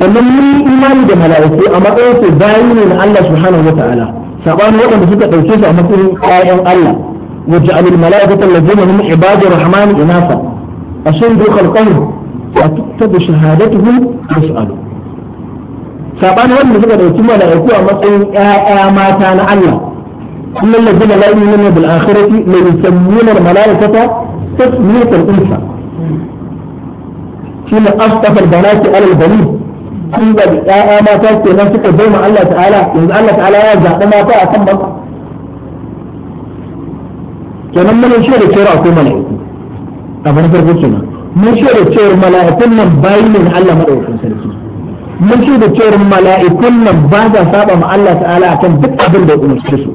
sannan mun imani da mala'iku a matsayin su bayi ne na Allah subhanahu wata'ala sabanin waɗanda suka ɗauke su a matsayin ƴaƴan Allah وجعل الملائكة الذين هم عباد الرحمن إناثا أشهدوا خلقهم وتكتب شهادتهم يسألوا sabanin wanda suka dauki mala'iku a matsayin ƴaƴa mata na Allah kuma lazina la yu'minu bil akhirati la yusammuna al mala'ikata tasmiyatan unsa shine asdaqa al banati ala al banin sun zabi ƴaƴa mata kenan suka bai mu Allah ta'ala yanzu Allah ta'ala ya zaɓi mata a kan banza kenan mun shi da cewa akwai mala'iku a farko kenan mun shi da cewa mala'ikun nan bayi ne na Allah madaukakin sarki mun shi da cewa mala'ikun nan ba za saba mu Allah ta'ala akan duk abin da ya umarce su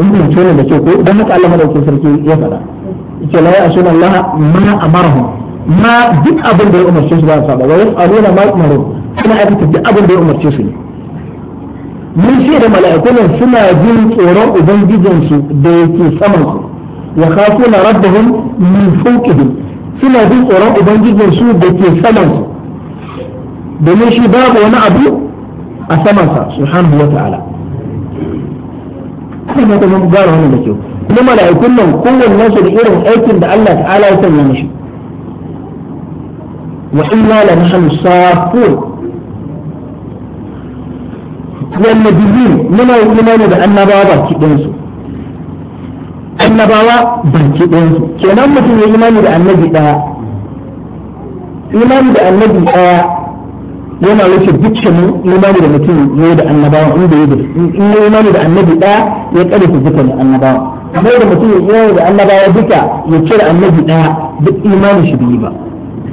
in mun ce ne da ke ko dan haka Allah madaukakin sarki ya faɗa yace la ya'suna Allah ma amarahum ma duk abin da ya umarce shi ba sa ba wayan aluna ma umaru suna aikata duk abin da ya umarce shi ne mun shi da mala'ikunan suna jin tsoron ubangijinsu da yake saman su wa khafuna rabbahum min fawqihim suna jin tsoron ubangijinsu da ke saman su domin shi babu wani abu a saman sa subhanahu wa ta'ala kuma ta mun gara wannan da kyau kuma mala'ikun nan kowanne su da irin aikin da Allah ta'ala ya sanya mishi وإنا لنحن الصافون والنبيين muna imani da annabawa baki ɗansu annabawa baki ɗansu kenan mutum ya imani da annabi ɗaya imani da annabi ɗaya yana wuce dukkanin imani da mutum ya yi da annabawa inda ya in ya imani da annabi ɗaya ya ƙarfi dukkanin annabawa amma da mutum ya imani da annabawa duka ya cire annabi ɗaya duk imani shi bai yi ba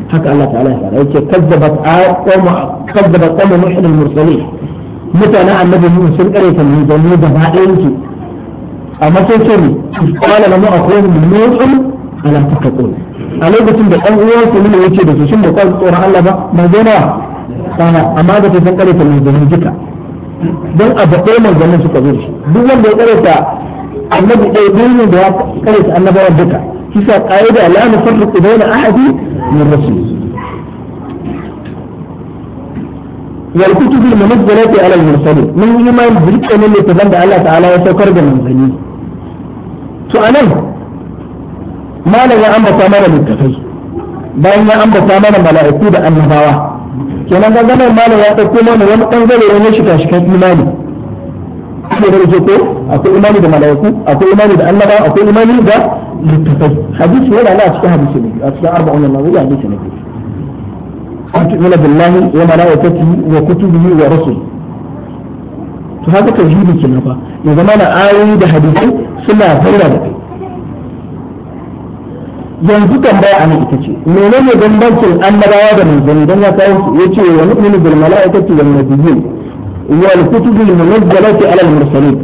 haka Allah ta'ala ya fara yace kazzabat qawma kazzabat qawma nuhin al-mursalin mutanen annabi nuhu sun kare ta ne da ne da baɗin su amma sai ce ne qala lahu aqulu min nuhin ala taqul a lokacin da ɗan uwan su ne yace da su shin da kwan tsoron Allah ba manzo nawa amma da ta kare ta ne da ne duka dan a ɗaya manzannin suka zo shi duk wanda ya kare ta annabi ɗaya dole da ya kare ta annabawa duka كيف قاعدة لا نفرق بين أحد من رسله والكتب المنزلة على المرسلين من إيمان بريكة من يتبنى الله تعالى يسوكر بالمنزلين سؤالين ما لا يأمر تامر كفي بين يأمر تامر ملائكو بأن نباوه kenan ga zaman mana ya ɗauko mana wani ɓangare wani shiga shigan imani akwai da ko akwai imani da malaiku akwai imani da annaba akwai imani da littafai hadisi yana na cikin hadisi ne a cikin arba'un nan wani hadisi ne an tu'mina billahi wa malaikatihi wa kutubihi wa rusuli to haka tauhidi kenan fa ya zama na ayoyi da hadisai suna zaura da kai yanzu tambaya a nan ita ce menene bambancin annabawa da manzanni dan ya kawo ya ce wa nu'minu bil malaikati wan nabiyyin wal kutubi al munazzalati ala al mursalin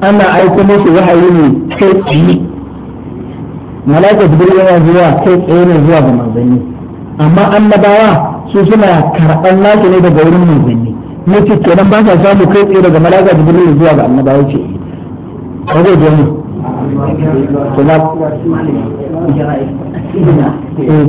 ana aiko musu wahayi ne kai tsaye malaka jibril yana zuwa kai tsaye ne zuwa ga manzanni amma annabawa su suna karɓar nasu ne daga wurin manzanni nace kenan ba sa samu kai tsaye daga malaka jibril zuwa ga annabawa ce kaje ni eh.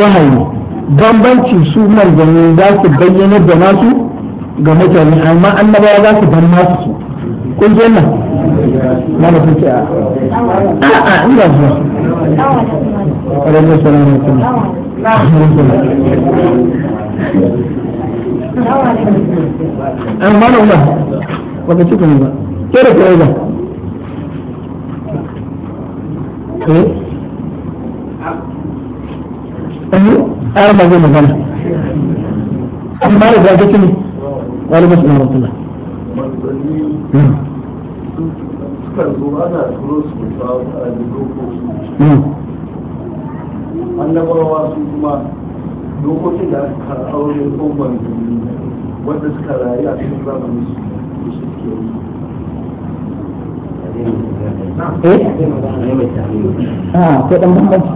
wahayi bambanci su marjani za su bayyana da nasu ga mutane amma annabawa za su ban nasu su kun ji na da ce a a inda zuwa an kuma ba ke da kuma ba eh? أنا ما زي مثلا أما إذا جتني ولا بس من رسول الله annabawa su kuma lokacin da aka aure umar wanda suka rayu a cikin zamanin su suke yi eh ah ko dan bambanci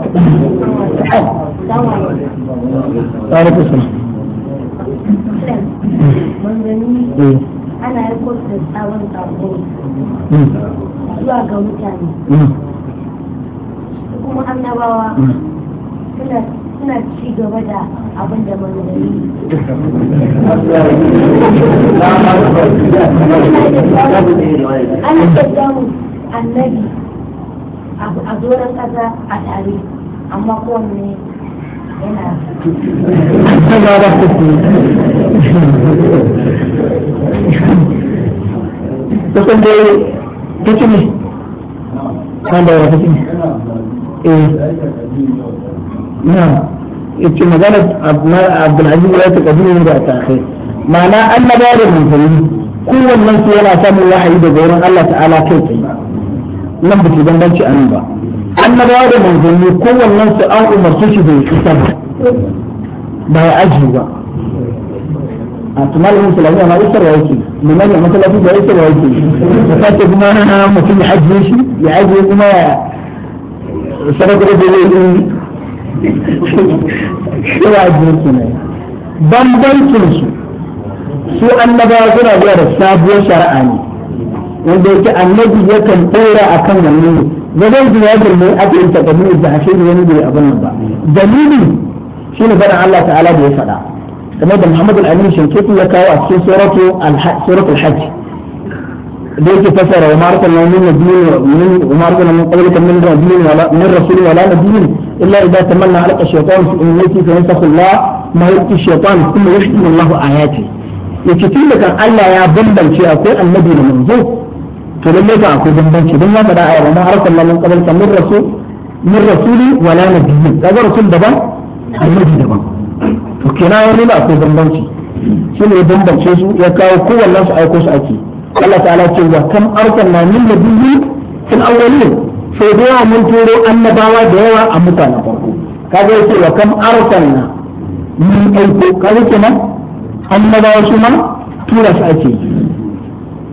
alaikum salam eh. ana yi kotu tsawon tsawon hmm. zuwa ga mutane hmm. kuma annabawa hmm. suna suna ci gaba da abin da manzanni ana gaggamu annabi a doron ƙasa a tare amma kowanne kusan dai kuci ne kan da wata kuci ne eh نعم إنت مجالة عبد العزيز ولاية القديمة من رأيت أخير معناه أن بارغ من فيه كل من سيلا سامو واحد يدى غيره الله تعالى كيف لم بتجدن بانش أنه با أن بارغ من فيه كل من سيلا أو مرسوش في الكتاب با يأجه با أتمال من سلامي أما إسر وعيكي لمن يعمل سلامي با إسر وعيكي فاتت بما أنا مكين حجيشي يعجي بما سرق ربي ويقول إيه؟ shiwa bambancin su su annabawa suna zuwa da sabuwar shari'a ne wanda yake annabi yakan ɗora a kan wannan ne zai ji ya girme aka yi takaddu da hashe da wani bai abin nan ba dalili shine faɗin Allah ta'ala da ya faɗa kamar da Muhammad al-Amin Shinkiti ya kawo a cikin suratu hajj ليس فسر عمارة المؤمنين دين من عمارة من قبلك من دين ولا من رسول ولا دين إلا إذا تمنى عليك الشيطان في أمنيتي فينسخ الله ما يبكي الشيطان ثم يحكم الله آياته يكتب لك أن الله يا بندن في أقوى النبي من ذو فلم يقع في بندن في دنيا فلا أعلم ما عرف الله من قبلك من رسول من رسول ولا نبي هذا رسول دبا النبي دبا فكنا يوم لا في بندن في شنو بندن في يكاو كل الناس أيكوس أكيد Allah ta'ala ce wa kam arsalna min nabiyyi fil awwalin sai da yawa mun turo annabawa da yawa a mutanen farko kaga yace wa kam arsalna min aiko kaga kenan annabawa su ma tura su ake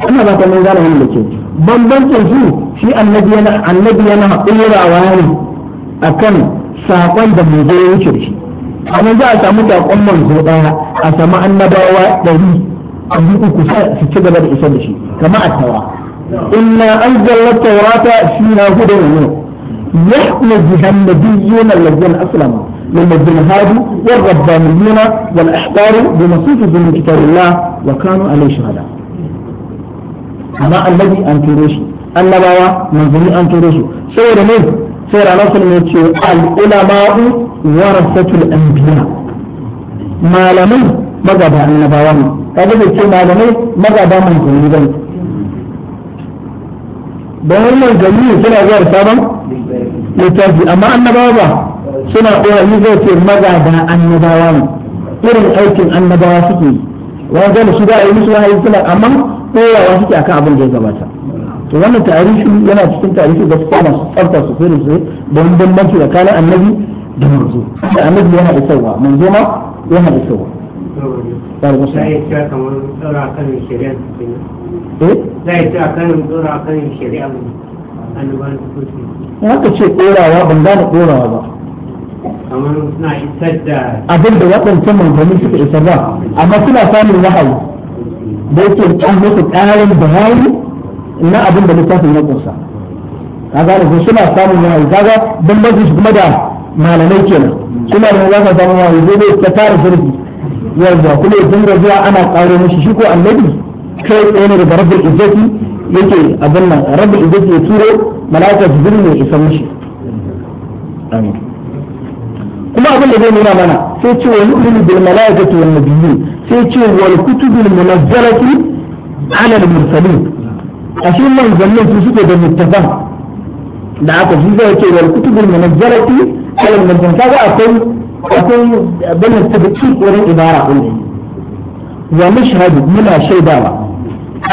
ana ba ta mai zana wani da ke bambancin su shi annabi yana annabi yana ƙurawa ne akan sakon da mu zo wuce shi amma za a samu sakon manzo daya a samu annabawa ɗari أبوكم كساء في كذا بدأ يسمى شيء كما أتوا إن أنزل التوراة فيها هدى ونور نحن بها النبيين الذين أسلموا للمدن هادو والربانيين والأحبار بمصيف من كتاب الله وكانوا عليه شهداء أما الذي أنتروش أن بابا من ذي أنتروش سير من سير على صلى العلماء ورثة الأنبياء ما لمن ماذا بعد النبوة kaga da ce malamai magada manzanni bane don wani manzanni suna zuwa sabon littafi amma annabawa ba suna koya yi zai ce magada annabawa ne irin aikin annabawa suke yi wani zai su ba a yi musu wahayi suna amma koyawa suke akan abin da ya gabata to wannan tarihi yana cikin tarihi da masu tsafta su fere su don bambanci tsakanin annabi da manzo annabi yana isarwa manzo ma yana isarwa Zai cewa kamar tsara a eh? shari'a ne. Eh? Zai cewa kanin tsara a kanin shari'a ne. Annabawan kuci. Ya ka ce ɗorawa ban gane ɗorawa ba. Kamar suna isar da. Abin da waɗancan manzanni suka isar ba. Amma suna samun wahayi. Da yake an musu ƙarin bayani na abin da littafin ya ƙunsa. Ka gane ko suna samun wahayi. Kaga don su kuma da malamai kenan. Suna da za ka samu wahayi zai ta tara zurfi. yarda kuma ya dinga zuwa ana ƙaro mishi shi ko annabi kai tsaye ne daga rabbul izzati yake abin nan rabbul izzati ya turo malaka jibril ne isa mishi kuma abin da zai nuna mana sai ce wa yu'minu bil malaikati wan nabiyyi sai ce wal kutubil munazzalati ala al mursalin ashe manzannin su suke da muttafan da aka ji zai ce wal kutubil munazzalati ala al mursalin kaga akwai akwai abin da ta wurin ibara ɗin wa mashhadu muna shaidawa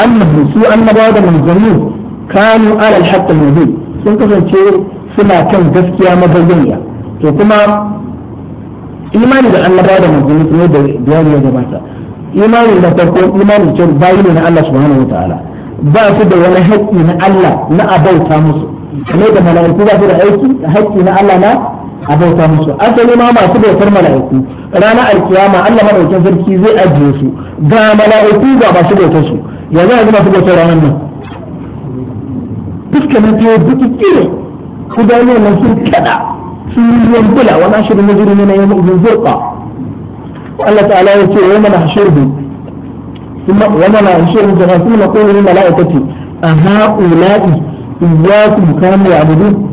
annahu su annabawa da manzanni kanu ala al-haqq mubin sun kasance suna kan gaskiya mabayyaniya to kuma imani da annabawa da manzanni kuma da bayani ya gabata imani da farko imani ce bayani na Allah subhanahu wa ta'ala ba su da wani haƙƙi na Allah na abauta musu kamar da mala'iku ba su da aiki haƙƙi na Allah na a bauta musu asali ma masu bautar mala'iku ranar alkiyama Allah madaukakin sarki zai ajiye su ga mala'iku ga masu bautar su ya za a zama su bautar ranar nan fuska na biyu duki kire kudanuwan nan sun kada sun yi ruwan bula wani ashirin na jirgin na yamma ubin zurka Allah ta'ala ya ce wa mana hashirhu wa mana hashirhu jama'a sun na kowane mala'ikati a ha'ula'i iyakum kanu ya abudu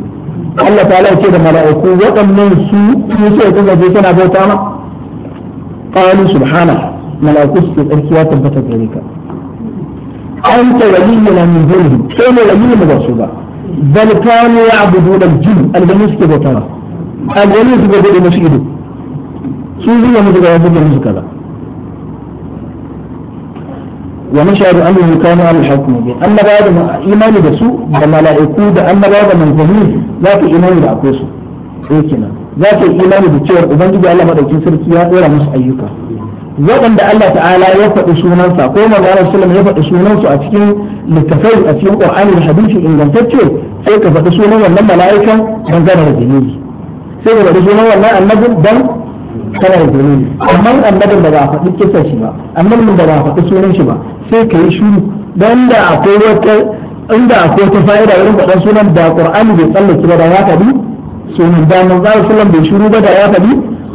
Allah ta lauke da mala'iku waɗannan su su sai kuma je kana bauta ma qalu subhana mala'iku su ke tsarkiya tabbata gare ka an ta anta waliyuna min dunihi sai ne waliyuna ba su ba bal kanu ya'buduna al-jinn al-jinn suke bauta ma al-jinn su bauta da ido su zuwa mu ga wajen musu kaza ونشهد أنهم كانوا على الحق مبين أما بعد da بسوء لما لا يكون أما بعد من ذهين ذاك إيمان بأقوسه إيكنا ذاك إيمان بتشير وبنجد الله مدى جنسر كيا ولا مس أيوكا waɗanda Allah ta'ala ya faɗi sunansa ko manzo sallallahu ya faɗi sunansu a cikin littafai a cikin Qur'ani da hadisi ingantacce sai ka faɗi sunan wannan mala'ikan dan gane da dalili sai ka faɗi sunan wannan annabin ban. kana da dalili amma annabin da ba a faɗi kisan shi ba annabin da ba a faɗi sunan shi ba sai ka yi shuru dan da akwai wata inda akwai wata fa'ida irin faɗan sunan da qur'ani bai tsallake ba da ya faɗi sunan da manzo sallam bai shuru ba da ya faɗi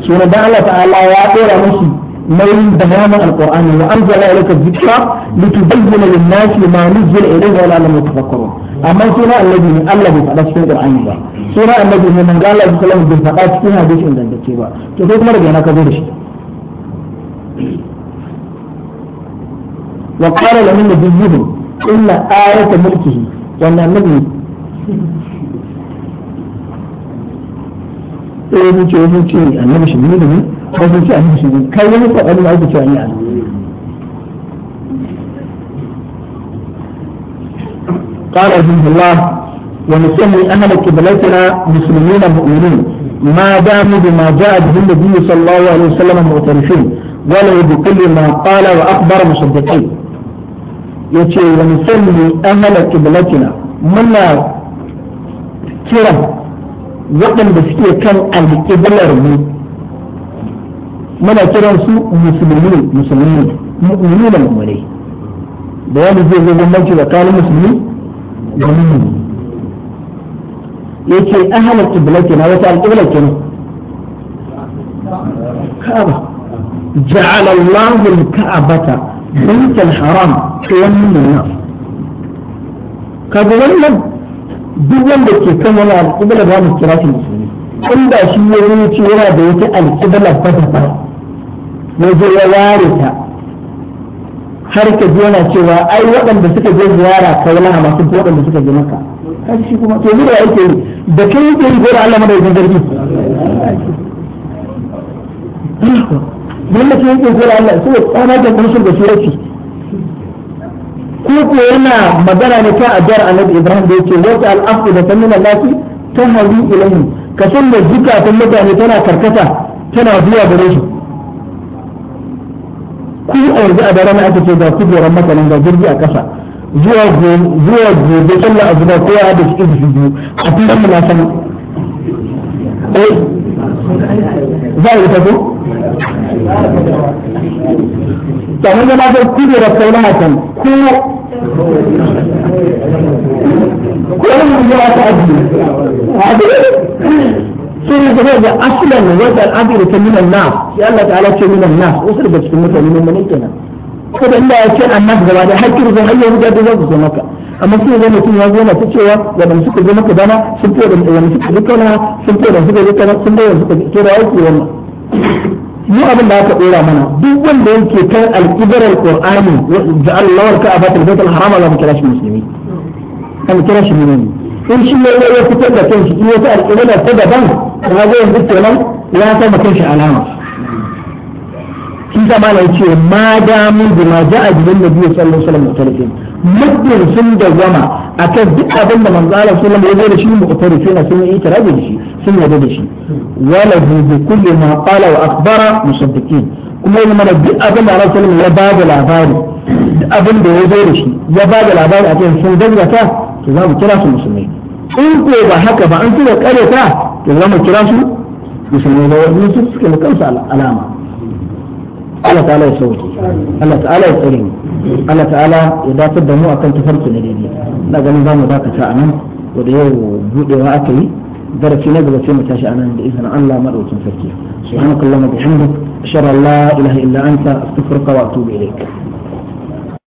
sunan da Allah ta'ala ya dora musu nauyin bayanin alqur'ani wa anzala ilayka dhikra litubayyana lin-nasi ma nuzila ilayhim wa la'allahum yatafakkarun amma suna annabi ne Allah bai faɗa cikin Qur'ani ba suna annabi ne manzo Allah sallallahu alaihi bai faɗa cikin hadisi ingantacce ba to sai kuma daga yana ka zo da shi wa qala lahu nabiyyuhu illa ayata mulkihi wannan nabi sai ya ce wasu ce annabi shi ne da ne ko ce annabi shi ne kai ne faɗa ne ake cewa ni annabi قال رحمه الله ونسمي أن قبلتنا مسلمين مؤمنين ما داموا بما جاء به النبي صلى الله عليه وسلم معترفين ولو بكل ما قال وأخبر مصدقين yace wa musalli amala kiblatina muna kira waɗanda suke kan alƙiblar mu muna kiran su musulmi musulmi mu'minu da mu'mini da wani zai zo gwamnati da kalu musulmi da nuni yace ahlal qibla kenan wata alqibla kenan ka'aba ja'ala Allahu al-ka'abata bayt al-haram qiyamun nas kaga wannan duk wanda ke kan wani alqibla ba mu kira shi musulmi inda shi ya ce yana da wata alqibla ba ta ba wajen ya ware ta har ka ji yana cewa ai waɗanda suka je ziyara kaulaha masu ko waɗanda suka je maka kaji shi kuma to zuwa yake yi da kai yake yi gore Allah madaukakin sarki wanda ke yake gore Allah sai tsana da kunsun da surati ko ko yana magana ne kan addu'ar Annabi Ibrahim da yake wata al'afu da tamin Allah ta hawi ilayhi ka san da zukatan mutane tana karkata tana zuwa gare shi ku a yanzu a daren aka ce ga kujerar makalin ga jirgi a kasa zuwa gobe sallah a zuba kowa da shi izu biyu a filin mu na san eh? za a yi ta ko? sannan zama zai kujerar sauran hakan ko ko yanzu zuwa ta ajiye sai da da aslan wa da ta min na sai Allah ta'ala ce min na wasu daga cikin mutane ne mun kenan ko da Allah ya ce annas gaba da hakkin da hayyan da da zai zo maka amma sai zai mutum ya zo na ta cewa suka bana sun fi da wani suka duka sun da suka duka sun da suka to yake wannan mu abin da aka dora mana duk wanda yake kan al-qibr al-qur'ani da Allah ka abatul haram Allah kira shi musulmi kan kira shi in shi ya ya fitar da kanshi in ya ta da ta daban kuma zai yanzu kenan ya sama kanshi alama shi zama na ce ma damun da ma ja'a jibin da biyu sallallahu alaihi wasallam mutarifin muddin sun da zama akan duk abin da manzo Allah sallallahu alaihi wasallam ya da shi mutarifin sun yi itirabi da shi sun yarda da shi wala bi kulli ma qala wa akhbara musaddiqin kuma yana mana duk abin da Allah sallallahu alaihi wasallam ya ba da labari duk abin da ya zo da shi ya ba da labari akan sun gaggata to za mu kira su musulmai in ko ba haka ba an suka kare ta to za mu kira su musulmai ba wani su suke mu kansu alama Allah ta'ala ya sauke Allah ta'ala ya tsare mu Allah ta'ala ya dafar da mu akan tafarki na daidai ina ganin za mu dakata a nan wanda yau budewa aka yi درسي نقل في متاشا أنا بإذن الله مرء تنفكي سبحانك اللهم وبحمدك أشهد أن لا إله إلا أنت أستغفرك وأتوب إليك